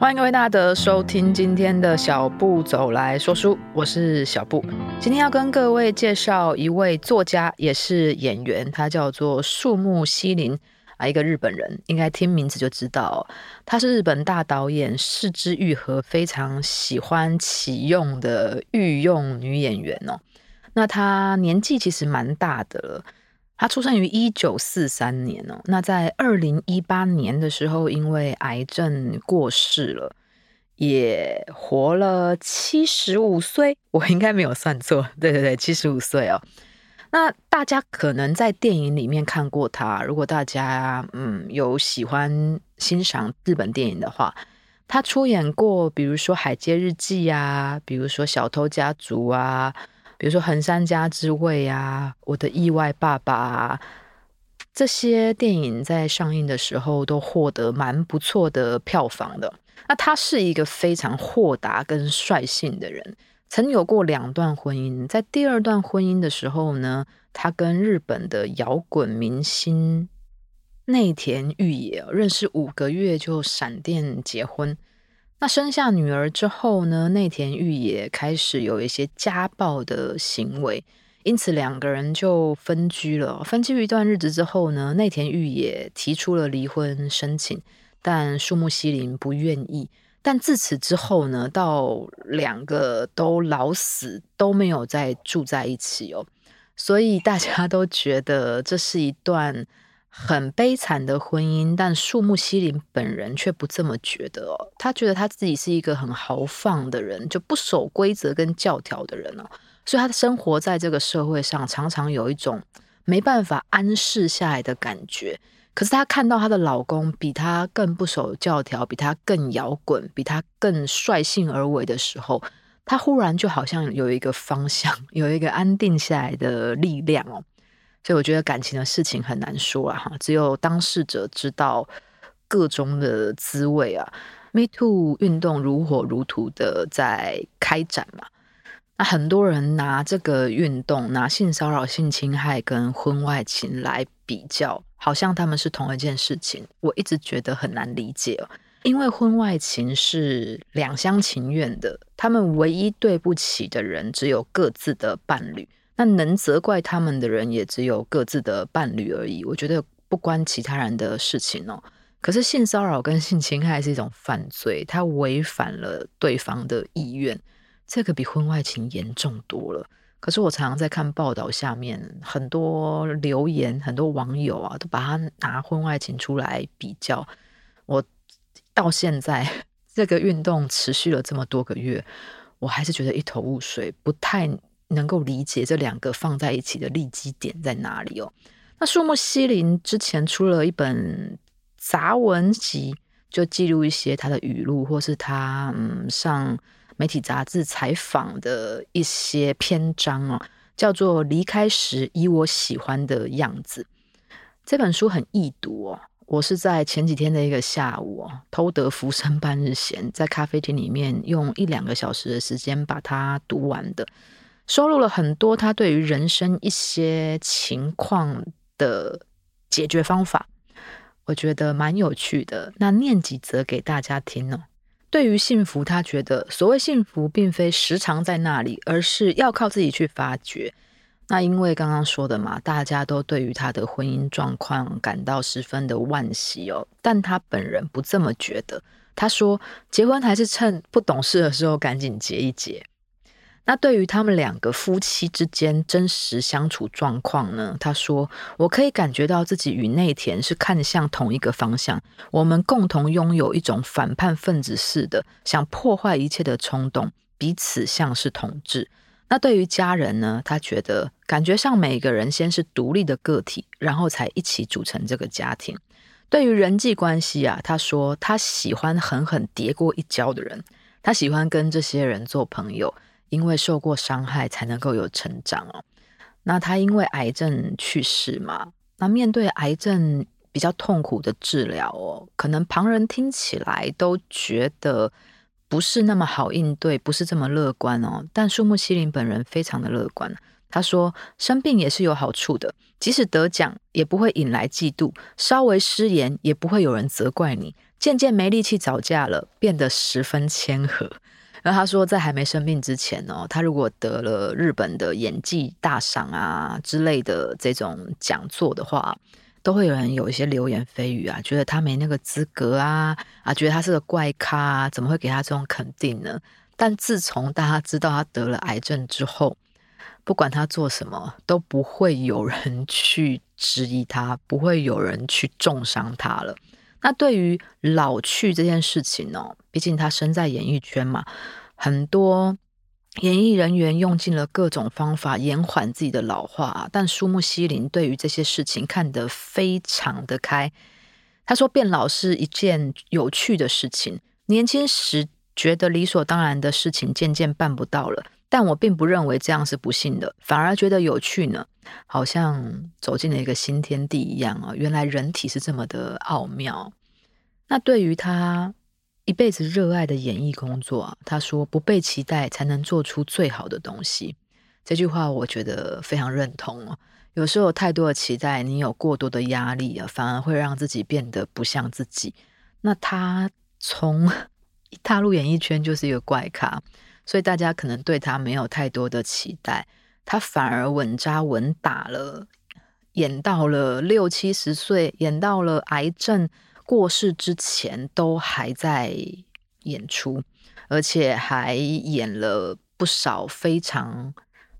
歡迎各位大德收聽今天的《小步走來說書》，我是小步。今天要跟各位介紹一位作家，也是演員，他叫做樹木希林啊，一個日本人，應該聽名字就知道，他是日本大導演是枝裕和非常喜歡啟用的御用女演員哦。那他年紀其實蠻大的了。他出生於一九四三年哦，那在二零一八年的時候，因為癌症過世了，也活了七十五歲，我應該沒有算錯。對對對，七十五歲哦。那大家可能在電影裡面看過他，如果大家嗯有喜歡欣賞日本電影的話，他出演過比如說《海街日記》啊，比如說《小偷家族》啊。比如說《橫山家之味》啊，《我的意外爸爸》啊，這些電影在上映的時候都獲得蠻不錯的票房的。那他是一個非常豁達跟率性的人，曾有過兩段婚姻。在第二段婚姻的時候呢，他跟日本的搖滾明星內田裕也認識五個月就閃電結婚。那生下女兒之後呢，內田裕也開始有一些家暴的行為，因此兩個人就分居了。分居一段日子之後呢，內田裕也提出了離婚申請，但樹木希林不願意。但自此之後呢，到兩個都老死都沒有再住在一起哦，所以大家都覺得這是一段。很悲慘的婚姻，但樹木希林本人卻不這麼覺得哦。他覺得他自己是一個很豪放的人，就不守規則跟教條的人哦。所以他生活在這個社會上，常常有一種沒辦法安適下來的感覺。可是他看到他的老公比他更不守教條，比他更搖滾，比他更率性而為的時候，他忽然就好像有一個方向，有一個安定下來的力量哦。所以我覺得感情的事情很難說啊，哈，只有當事者知道個中的滋味啊。Me Too 運動如火如荼的在開展嘛，那很多人拿這個運動，拿性騷擾、性侵害跟婚外情來比較，好像他們是同一件事情。我一直覺得很難理解哦，因為婚外情是兩廂情願的，他們唯一對不起的人只有各自的伴侶。那能責怪他們的人也只有各自的伴侶而已，我覺得不關其他人的事情哦。可是性騷擾跟性侵害是一種犯罪，它違反了對方的意願，這個比婚外情嚴重多了。可是我常常在看報道下面，很多留言，很多網友啊，都把它拿婚外情出來比較。我到現在，這個運動持續了這麼多個月，我還是覺得一頭霧水，不太。能夠理解這兩個放在一起的立基點在哪裡哦？那樹木希林之前出了一本雜文集，就記錄一些他的語錄，或是他、嗯、上媒體雜誌採訪的一些篇章哦，叫做《離開時以我喜歡的樣子》，這本書很易讀哦。我是在前幾天的一個下午、哦、偷得浮生半日閒，在咖啡廳裡面用一兩個小時的時間把它讀完的。收錄了很多他對於人生一些情況的解決方法，我覺得蠻有趣的。那念幾則給大家聽哦。對於幸福，他覺得所謂幸福，並非時常在那裡，而是要靠自己去發掘。那因為剛剛說的嘛，大家都對於他的婚姻狀況感到十分的惋惜哦，但他本人不這麼覺得。他說，結婚還是趁不懂事的時候趕緊結一結。那對於他們兩個夫妻之間真實相處狀況呢？他說：“我可以感覺到自己與內田是看向同一個方向，我們共同擁有一種反叛分子似的想破壞一切的衝動，彼此像是同志。”那對於家人呢？他覺得感覺上每個人先是獨立的個體，然後才一起組成這個家庭。對於人際關係啊，他說他喜歡狠狠跌過一跤的人，他喜歡跟這些人做朋友。因為受過傷害才能夠有成長哦。那他因為癌症去世嘛。那面對癌症比較痛苦的治療哦，可能旁人聽起來都覺得不是那麼好應對，不是這麼樂觀哦。但樹木希林本人非常的樂觀，他說生病也是有好處的，即使得獎也不會引來嫉妒，稍微失言也不會有人責怪你，漸漸沒力氣吵架了，變得十分謙和。然後他說，在還沒生病之前哦，他如果得了日本的演技大賞啊之類的這種講座的話，都會有人有一些流言蜚語啊，覺得他沒那個資格啊，啊，覺得他是個怪咖，怎麼會給他這種肯定呢？但自從大家知道他得了癌症之後，不管他做什麼，都不會有人去質疑他，不會有人去中傷他了。那對於老去這件事情呢、哦？畢竟他身在演藝圈嘛，很多演藝人員用盡了各種方法延緩自己的老化，但樹木希林對於這些事情看得非常的開。他說：“變老是一件有趣的事情，年輕時覺得理所當然的事情，漸漸辦不到了。”但我並不認為這樣是不幸的，反而覺得有趣呢，好像走進了一個新天地一樣啊！原來人體是這麼的奧妙。那對於他一輩子熱愛的演藝工作啊，他說：“不被期待才能做出最好的東西。”這句話我覺得非常認同哦、啊。有時候太多的期待，你有過多的壓力啊，反而會讓自己變得不像自己。那他從一踏入演藝圈就是一個怪咖。所以大家可能對他沒有太多的期待，他反而穩紮穩打了，演到了六七十歲，演到了癌症過世之前都還在演出，而且還演了不少非常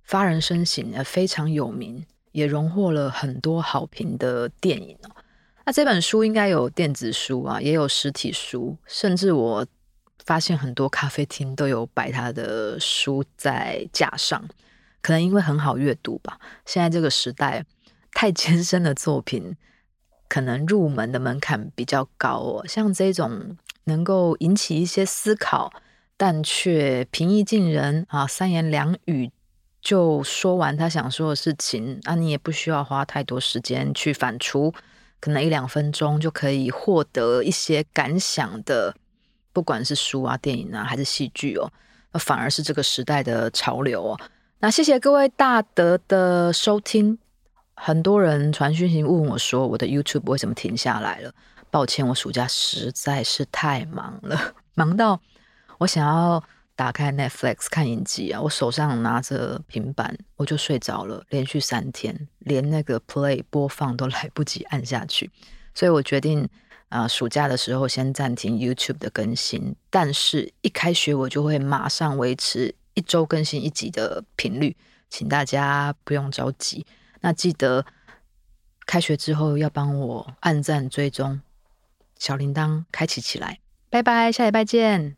發人深省、非常有名，也榮獲了很多好評的電影。那這本書應該有電子書啊，也有實體書，甚至我。發現很多咖啡廳都有擺他的書在架上，可能因為很好閱讀吧。現在這個時代，太艱深的作品可能入門的門檻比較高哦。像這種能夠引起一些思考，但卻平易近人啊，三言兩語就說完他想說的事情，啊，你也不需要花太多時間去反芻，可能一兩分鐘就可以獲得一些感想的。不管是書啊、電影啊，還是戲劇哦，反而是這個時代的潮流哦。那謝謝各位大德的收聽。很多人傳訊息問我，說我的 YouTube 為什麼停下來了？抱歉，我暑假實在是太忙了，忙到我想要打開 Netflix 看影集啊，我手上拿着平板我就睡着了，連續三天，連那個 play 播放都來不及按下去，所以我決定。啊、呃，暑假的時候先暫停 YouTube 的更新，但是一開學我就會馬上維持一周更新一集的頻率，請大家不用着急。那記得開學之後要幫我按讚、追蹤、小鈴鐺開啟起來，拜拜，下禮拜見。